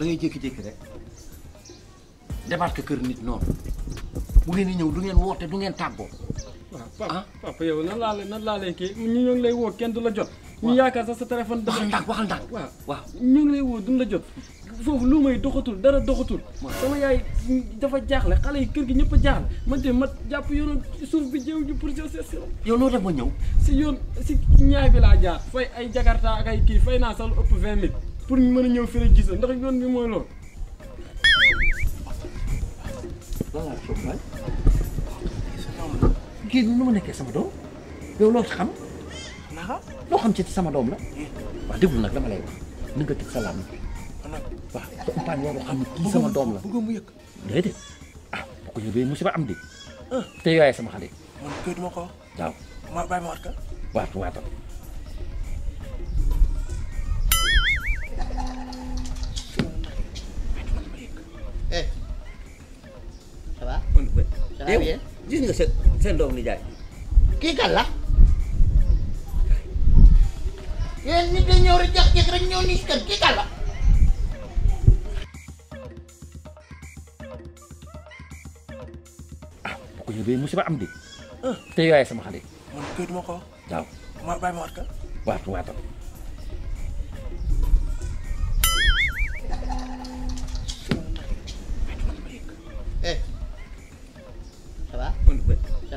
da ngay jékki-jékki rek débarqué kër nit noonu bu ngeen di ñëw du ngeen woo te du ngeen tàggoo. waaw ah, papa ah? papa yow nan laa lay nan laa lay kii ñu ñu ngi lay woo kenn du la jot. ñu yaakaar sax sa téléphone. waxal ndànk waxal ndànk waaw waaw ñu ngi lay woo duñ la jot. foofu lu may doxatul dara doxatul. sama yaay dafa jaaxle xale yi kër gi ñëpp a jaaxle man de ma jàpp yoonu suuf bi jëw ji pour jëw si yow loolu def ma ñëw. si yoon si ñaay bi laa jaar. fay ay jakarta kii fay naa sax pour ñu mën a ñëw fii rek ndax yoon bi mooy lool lan laa soog nu ma nekkee sama doom yow loo xam. naka loo xam ci sama doom la. waaw déglu nag dama lay wax ni nga tëj salaam. waaw te umpaañ waroo xam kii sama doom la. bëggoon mu yëg déedéet ah bu ko yëgee musiba am di. Ah. te yooyee sama xale. man ma ko wax. waaw. ma bàyyi ma waat ka. yow nga seen seen doom ni jaay kii kan la yéen nit da ñëw kii kan la ah bu ko yëgee musiba am di te yooyee sama xale man kay duma ko waaw ma waat waat waat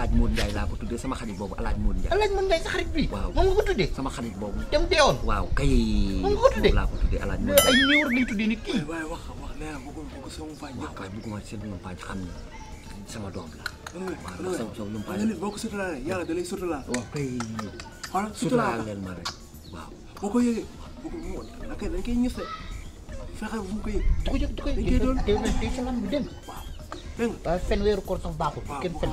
alaaj Mour Ndiaye laa ko tuddee sama xarit boobu alaaj Mour Ndiaye sa xarit bi waaw moom nga ko tuddee sama xarit boobu dem deewoon waaw kay moom ko tuddee laa ko tuddee na bëggul bëgg sama waaw waaye bëgguma seen mpaañ xam ne sama doom la waaw sama sama mpaañ nit boo ko suturaalee yàlla da lay suturaal waaw kay xoolal suturaal leen ma rek waaw boo ko yëgee da koy ñëf fexe bu mu koy du ko jëg du koy doon day sa lam bi dem waaw fen weeru koor sax baaxul kenn fen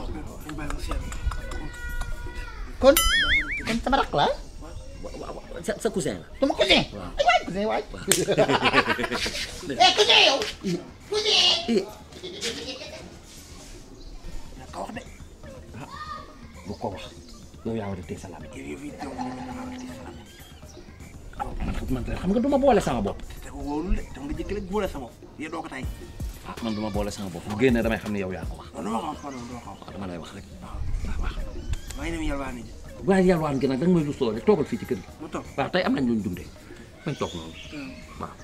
kon kon sama rakk la ah? sa sa cousin la. sama cousin. waaw waay cousin waay. eh cousin yow. cousin. Eh. ko wax de. ah bu ko wax. yow yaa war a téye sa laaj. Ah, man xam nga du ma boole sama bopp. te ko wóorul de te nga jëkkale boole sama bopp. yéen doo ko tay Ah, man duma boole sama bopp bu génnee damay xam ne yow yaa ko wax. non non non ah, dama lay wax rek. waaw waaw. maa ngi dem yalwaan ji. waaye yalwaan gi nag danga may lu soo rek toogal fii ci kër gi. mu toog waaw tey am nañ lu ñu dundee bañ toog noonu. Hmm. waaw.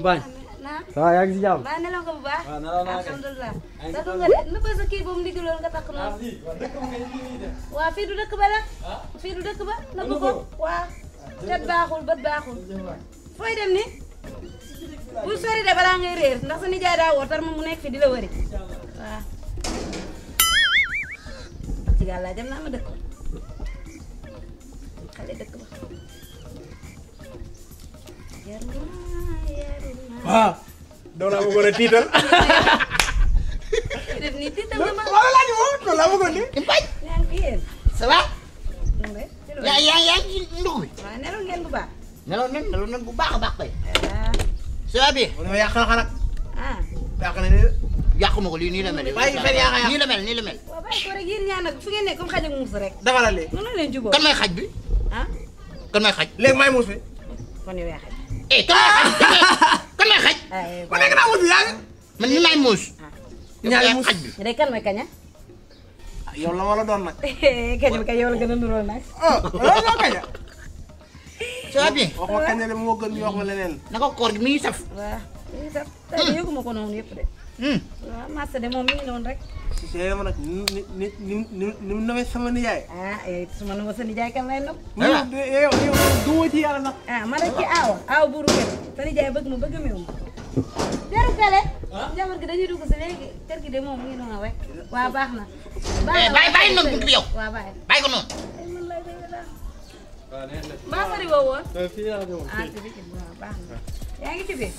Mbaye. ça va yaa nelaw nga bu baax. alhamdulilah. takku nga de na sa kii boobu ndigaloon nga takk noonu. waaw fii du dëkk ba la. fii du dëkk ba na ko ko waaw. baaxul bët baaxul. fooy dem ni bul de balaa ngay réer ndax sa nijaay daa woo tar moom mu nekk fi di la wëri waaw. ci gàllaa dem naa ma dëkk xale dëkk ba. waaw. doo laa bëggoon a tiital. def tiital moom doo laa bëggoon de. Mbaye. yaa ngi yéen. ça va. yaa yaa yaa ngi ci ndugg bi. bu baax. nelaw nen nelaw nen bu baax a baax kay. ça ko lii nii la mel. bàyyi nii la mel nii la ko rek yéen ñaa nag fu ngeen nekk comme rek. dafa la lee. kan may xaj bi. ah. kan may xaj. léegi may muus bi. kon yow yaa xaj. eh may xaj. ku nekk naa wut yaa man ni may muus. Ah. ñaari muus ñu ne kan la kaña. Ah? Ah, yow la wala doon nag. kañ bi kañ la gën a nuróo nag. ah loolu la kaña. ça bien. moo gën ñu wax ma leneen. naka koor gi mi ngi saf. waaw mi ngi saf. tey yëguma ko noonu yëpp de. Hmm. waaw Massa de mi ngi noonu rek. si si yéen a ni ni ni ni mu nawee sama nijaay. ah eh, suma nawee sa nijaay kan lay nopp. ah yow yow duwoo ah ma ci aaw aaw bu ruge sa nijaay bëgg ma bëgg a meew. jarul kale. Ah? jabar gi dañuy dugg si léegi kër gi de moom mi ngi noonu rek. Eh, ah, waaw baax na. baax na bàyyi bàyyi noonu buntu bi yow. waaw bàyyi bàyyi ko noonu. maa sori woo woon. fii laa ñëwoon fii ah ci biir.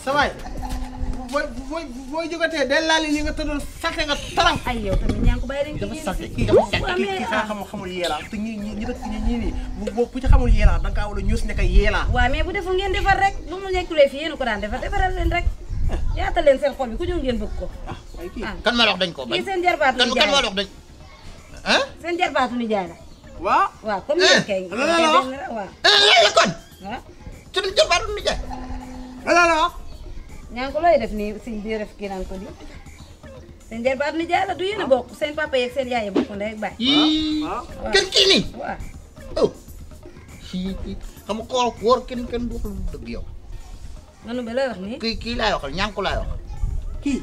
booy booy booy jógatee day laal li nga tëddoon sakke nga taram. ay yow tamit ñaa ngi ko bàyyi dañ dafa sakke kii dafa sakke kii kii xaa xamul xamul yeelaa te ñi ñi ñi dëkk ñi ñii nii bu ku ci xamul yeelaa da nga kaa war a ñuus ne ko yeelaa. waaw mais bu deful ngeen defar rek bu mu nekkulee fii yéen ko daan defar defaral leen rek yaatal leen seen xol bi ku ñëw ngeen bëgg ko. ah waaye kii kan ma la wax dañ ko bañ kii seen jarbaatu ni jaay la kan ma la wax dañ. ah seen jarbaatu ni jaay la. waaw waaw comme yéen kay. lan la la wax lan la kon. waaw seen jarbaatu ni jaay la la wax ñaan ko looy def nii sëñ bi def kii naan ko di seen jarbaat ni jaay la du yéen a bokk seen papa yeeg seen yaay yi bokk ndey ak baay. kër kii nii. waaw oh. xam nga koor woor kenn kenn du wax lu dëgg yow. manu ba lay wax nii. kii kii laay waxal ñaan ko laay kii.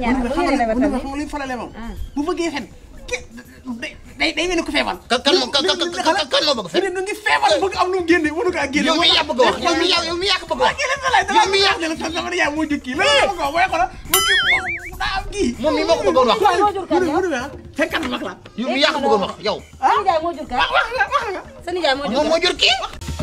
ñaan ko laay waxal bu ñu la xamal ah. bu ñu la xamal day day mel ni ku feebar. kan kan kan moo bëgg a feebar. mu ngi feebar bëgg am lu mu génne wala kaa génne. yow mi yaa bëgg a wax yow mi yaa yow mi yaa bëgg a wax. yow mi yaa bëgg a wax sama yaay moo jukki la ko ko way xola mu ki daa am kii. moom mi moo ko bëggoon wax. fekkat mag la. yow mi yaa ko bëggoon wax yow. Ah? sa nijaay moo jur kan wax wax nga. sa nijaay moo jur kii.